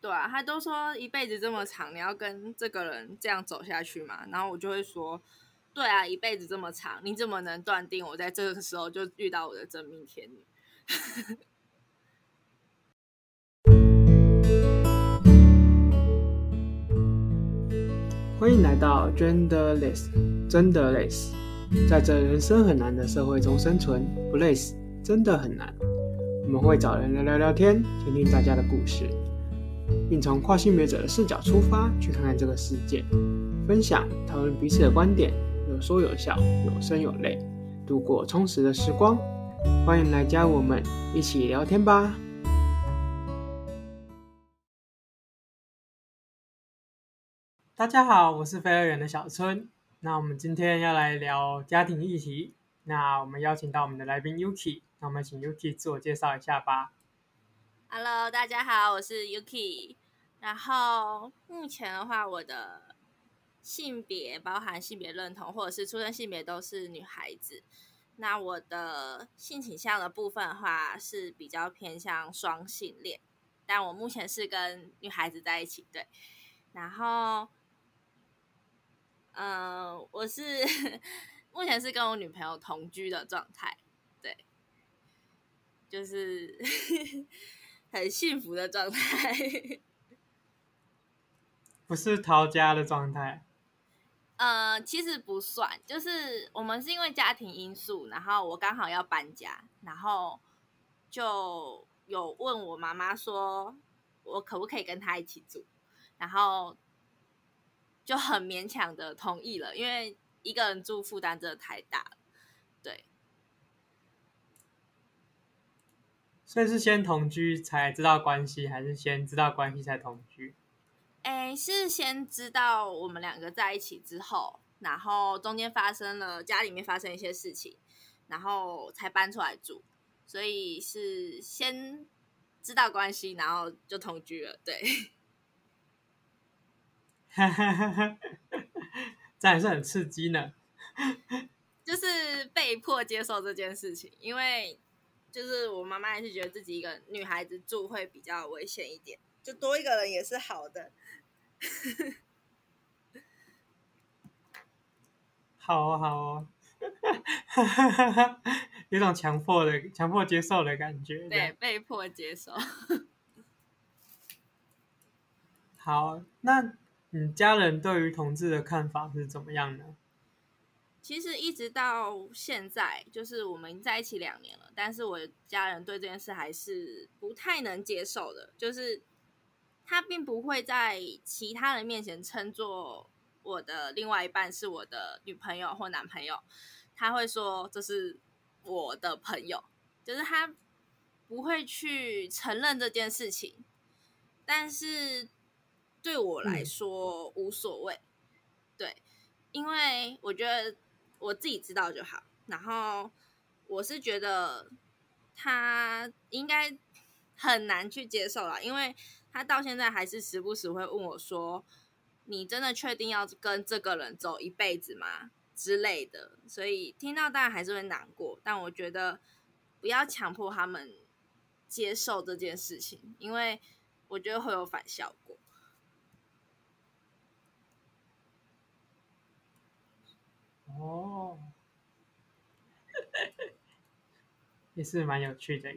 對啊，他都說一輩子這麼長，你要跟這個人這樣走下去嘛？然後我就會說，對啊，一輩子這麼長，你怎麼能斷定我在這個時候就遇到我的真命天女？ 歡迎來到 Genderless，真的累死！在這人生很難的社會中生存不累死，真的很難。我們會找人來聊聊天，聽聽大家的故事。並從跨性別者的視角出發，去看看這個世界，分享、討論彼此的觀點，有說有笑，有聲有淚，度過充實的時光。歡迎來加入我們，一起聊天吧！大家好，我是非二元的小春。那我們今天要來聊家庭議題。那我們邀請到我們的來賓 Yuki。那我們請 Yuki 自我介紹一下吧。Hello，大家好，我是 Yuki。然後目前的話，我的性別包含性別認同或者是出生性別都是女孩子。那我的性傾向的部分的話是比較偏向雙性戀，但我目前是跟女孩子在一起。對，然後嗯、呃，我是目前是跟我女朋友同居的狀態。對，就是。 很幸福的狀態， 不是逃家的狀態。呃，其實不算，就是我們是因為家庭因素，然後我剛好要搬家，然後就有問我媽媽說，我可不可以跟她一起住，然後就很勉強的同意了，因為一個人住負擔真的太大了，對。所以是先同居才知道關係，還是先知道關係才同居？誒，是先知道我們兩個在一起之後，然後中間發生了家裡面發生一些事情，然後才搬出來住。所以是先知道關係，然後就同居了。對， 這還是很刺激呢。就是被迫接受這件事情，因為。就是我媽媽還是覺得自己一個女孩子住會比較危險一點，就多一個人也是好的。 好哦，好哦， 有種強迫的、強迫接受的感覺，對，對被迫接受。 好，那你家人對於同志的看法是怎麼樣呢？其實一直到現在，就是我們在一起兩年了，但是我的家人對這件事還是不太能接受的。就是他並不會在其他人面前稱作我的另外一半是我的女朋友或男朋友，他會說這是我的朋友，就是他不會去承認這件事情。但是對我來說無所謂，嗯、對，因為我覺得。我自己知道就好。然後我是覺得他應該很難去接受了，因為他到現在還是時不時會問我說：“你真的確定要跟這個人走一輩子嗎？”之類的。所以聽到當然還是會難過，但我覺得不要強迫他們接受這件事情，因為我覺得會有反效果。哦，也是蠻有趣的。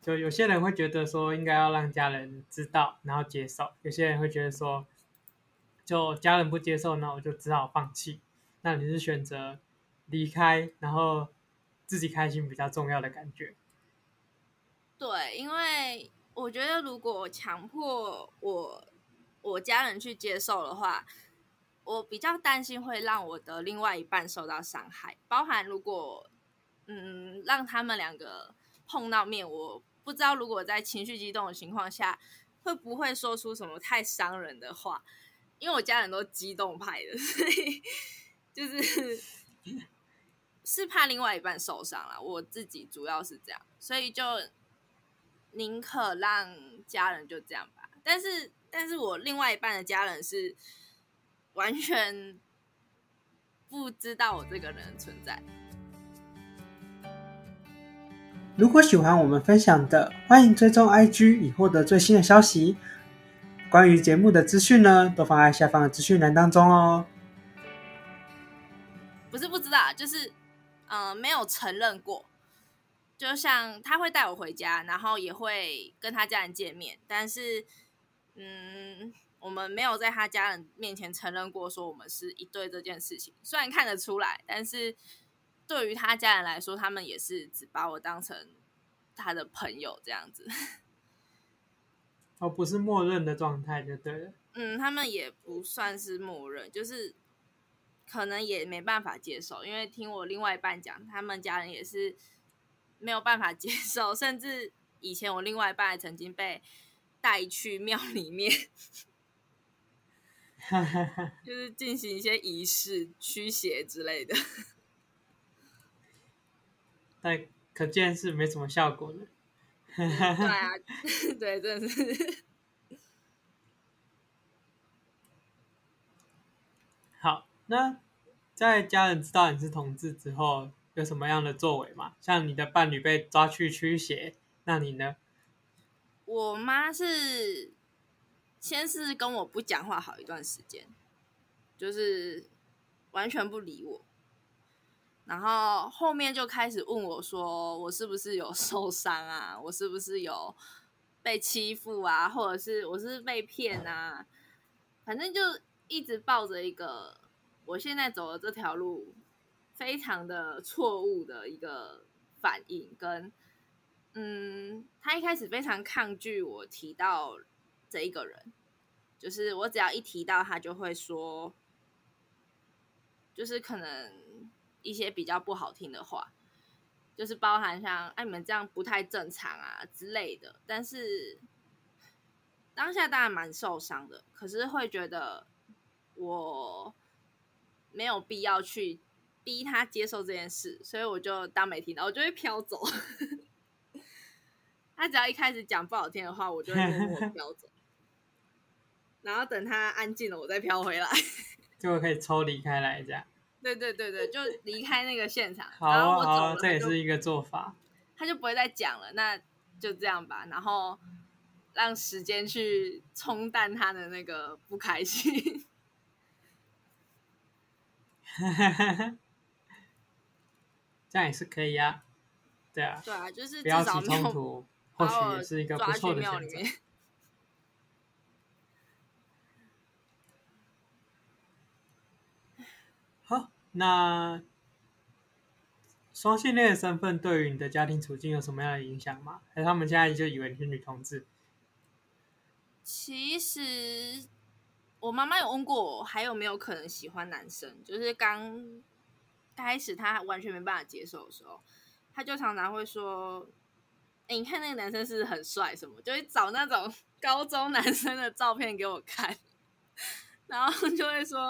就有些人會覺得說應該要讓家人知道，然後接受；有些人會覺得說，就家人不接受，那我就只好放棄。那你是選擇離開，然後自己開心比較重要的感覺？對，因為我覺得如果強迫我我家人去接受的話。我比較擔心會讓我的另外一半受到傷害，包含如果嗯讓他們兩個碰到面，我不知道如果我在情緒激動的情況下會不會說出什麼太傷人的話，因為我家人都激動派的，所以就是是怕另外一半受傷了。我自己主要是這樣，所以就寧可讓家人就這樣吧。但是，但是我另外一半的家人是。完全不知道我這個人存在。如果喜歡我們分享的，歡迎追蹤 IG 以獲得最新的消息。關於節目的資訊呢，都放在下方的資訊欄當中哦。不是不知道，就是嗯、呃，沒有承認過。就像他會帶我回家，然後也會跟他家人見面，但是嗯。我們沒有在他家人面前承認過，說我們是一對這件事情。雖然看得出來，但是對於他家人來說，他們也是只把我當成他的朋友這樣子。哦，不是默認的狀態就對了。嗯，他們也不算是默認，就是可能也沒辦法接受。因為聽我另外一半講，他們家人也是沒有辦法接受，甚至以前我另外一半曾經被帶去廟裡面。 就是進行一些儀式驅邪之類的， 但可見是沒什麼效果的。對啊，對，真的是。好，那在家人知道你是同志之後，有什麼樣的作為嘛？像你的伴侶被抓去驅邪，那你呢？我媽是。先是跟我不講話好一段時間，就是完全不理我，然後後面就開始問我說：“我是不是有受傷啊？我是不是有被欺負啊？或者是我是不是被騙啊？”反正就一直抱着一個我現在走的這條路非常的錯誤的一個反應，跟嗯，他一開始非常抗拒我提到。這一個人，就是我只要一提到他，就會說，就是可能一些比較不好聽的話，就是包含像“哎、啊，你們這樣不太正常啊”之類的。但是當下當然蠻受傷的，可是會覺得我沒有必要去逼他接受這件事，所以我就當沒聽到，我就會飄走。 他只要一開始講不好聽的話，我就會默默飄走。 然後等他安靜了，我再飄回來，就可以抽離開來，這樣。 對對對對，就離開那個現場。 然後我走了，好，好，這也是一個做法。他就，他就不會再講了，那就這樣吧。然後讓時間去沖淡他的那個不開心。哈哈哈！哈，這樣也是可以呀，啊。對啊。對啊，就是不要起衝突，或許是一個不錯的選擇。那雙性戀的身份對於你的家庭處境有什麼樣的影響嗎？還是他們現在就以為你是女同志？其實我媽媽有問過我，還有沒有可能喜歡男生？就是剛開始她完全沒辦法接受的時候，她就常常會說：“哎、欸，你看那個男生是不是很帥？什麼就會找那種高中男生的照片給我看，然後就會說：‘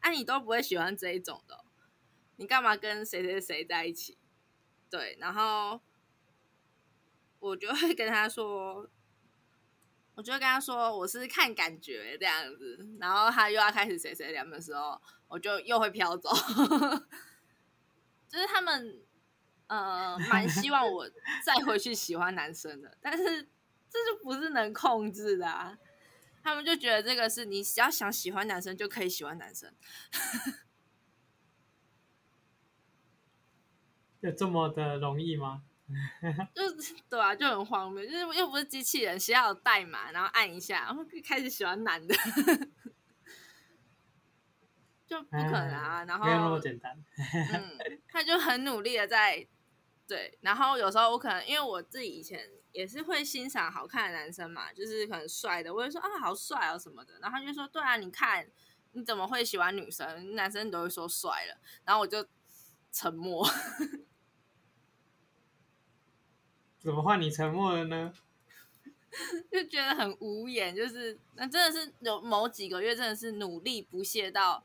哎、啊，你都不會喜歡這一種的。’”你幹嘛跟誰誰誰在一起？對，然後我就會跟他說，我就會跟他說我是看感覺這樣子，然後他又要開始誰誰涼的時候，我就又會飄走。 就是他們呃，蠻希望我再回去喜歡男生的，但是這就不是能控制的啊。他們就覺得這個是你只要想喜歡男生就可以喜歡男生。 有這麼的容易嗎？ 就對啊，就很荒謬，就是又不是機器人，需要有代碼，然後按一下，然後開始喜歡男的， 就不可能啊。哎、然後沒有那麼簡單。 嗯，他就很努力的在對。然後有時候我可能因為我自己以前也是會欣賞好看的男生嘛，就是可能帥的，我就說啊，好帥啊什麼的。然後他就說，對啊，你看你怎麼會喜歡女生？男生都會說帥了。然後我就沉默。 怎麼換你沉默了呢？ 就覺得很無言，就是那真的是有某幾個月，真的是努力不懈到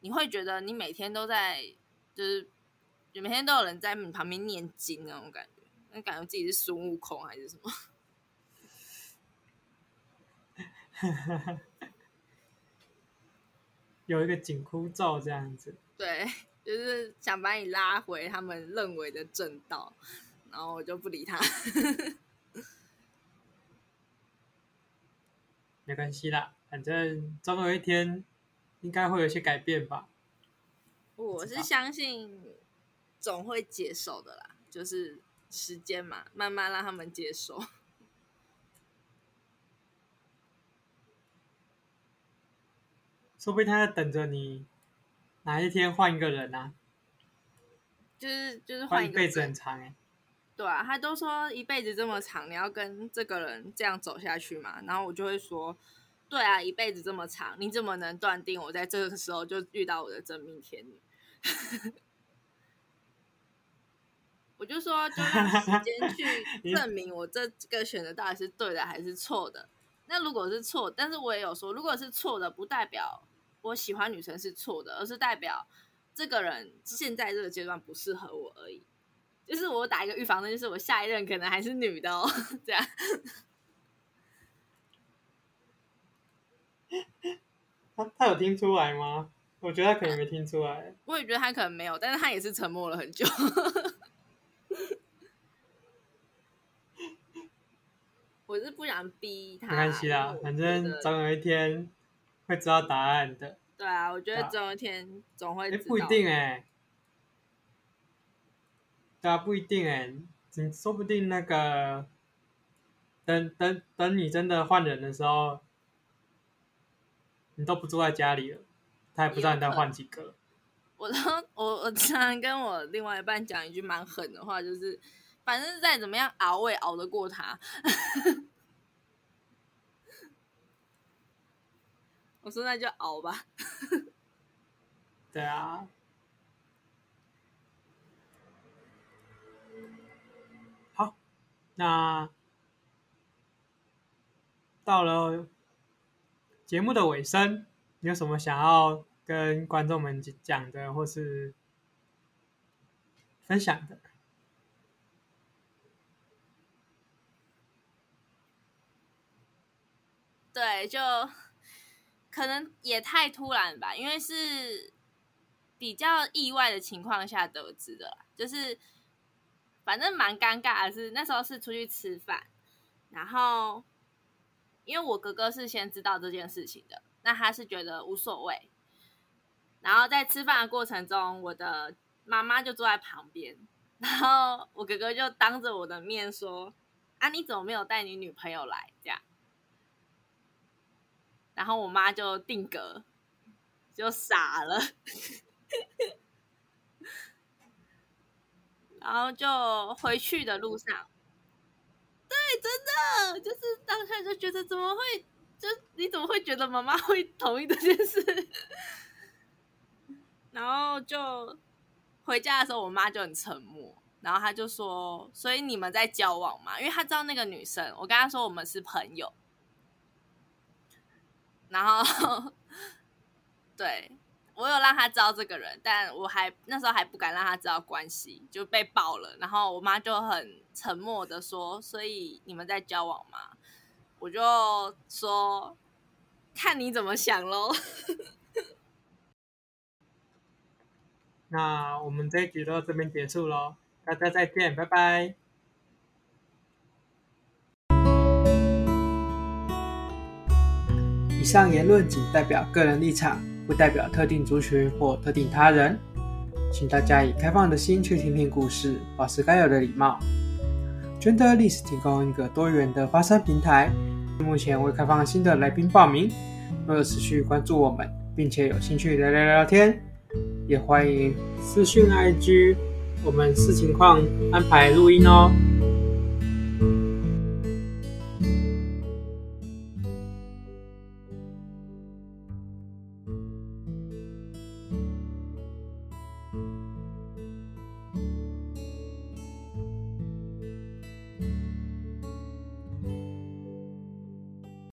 你會覺得你每天都在，就是每天都有人在你旁邊念經那種感覺，那感覺自己是孫悟空還是什麼？ 有一個緊箍咒這樣子，對，就是想把你拉回他們認為的正道。然後我就不理他 ，沒關係啦，反正總有一天應該會有些改變吧。我是相信總會接受的啦，就是時間嘛，慢慢讓他們接受。說不定他在等着你哪一天換一個人呢、啊。就是就是換一輩子很長哎、欸。對啊，他都說一輩子這麼長，你要跟這個人這樣走下去嘛。然後我就會說，對啊，一輩子這麼長，你怎麼能斷定我在這個時候就遇到我的真命天女？ 我就說，就用時間去證明我這個選擇到底是對的還是錯的。那如果是錯，但是我也有說，如果是錯的，不代表我喜歡女生是錯的，而是代表這個人現在這個階段不適合我而已。就是我打一個預防針，就是我下一任可能還是女的哦，這樣。他，他有聽出來嗎？我覺得他可能沒聽出來。我也覺得他可能沒有，但是他也是沉默了很久。 我是不想逼他。沒關係啦，反正總有一天會知道答案的。對啊，我覺得總有一天總會知道。欸，不一定哎、欸。那、啊、不一定哎，你說不定那個，等等等你真的換人的時候，你都不住在家裡了，他也不知道你再換幾個。我都我我常跟我另外一半講一句蠻狠的話，就是反正再怎麼樣熬我也熬得過他。 我說那就熬吧。對啊。那到了節目的尾聲，你有什麼想要跟觀眾們講的，或是分享的？對，就可能也太突然吧，因為是比較意外的情況下得知的，就是。反正蠻尷尬的是，那時候是出去吃飯，然後因為我哥哥是先知道這件事情的，那他是覺得無所謂。然後在吃飯的過程中，我的媽媽就坐在旁邊，然後我哥哥就當着我的面說：“啊，你怎麼沒有帶你女朋友來？”這樣，然後我媽就定格，就傻了。 然後就回去的路上，對，真的就是當時就覺得怎麼會？就你怎麼會覺得媽媽會同意這件事？然後就回家的時候，我媽就很沉默，然後她就說：“所以你們在交往嗎？”，因為她知道那個女生，我跟她說我們是朋友，然後對。我有讓他知道這個人，但我還那時候還不敢讓他知道關係就被爆了。然後我媽就很沉默的說：“所以你們在交往嗎？”我就說：“看你怎麼想嘍。 ”那我們這一集就到這邊結束嘍，大家再見，拜拜。以上言論僅代表個人立場。不代表特定族群或特定他人，請大家以開放的心去聽聽故事，保持該有的禮貌。Genderless 提供一個多元的發聲平台，目前未開放新的來賓報名。若持續關注我們，並且有興趣聊聊聊天，也歡迎私訊 IG，我們視情況安排錄音哦。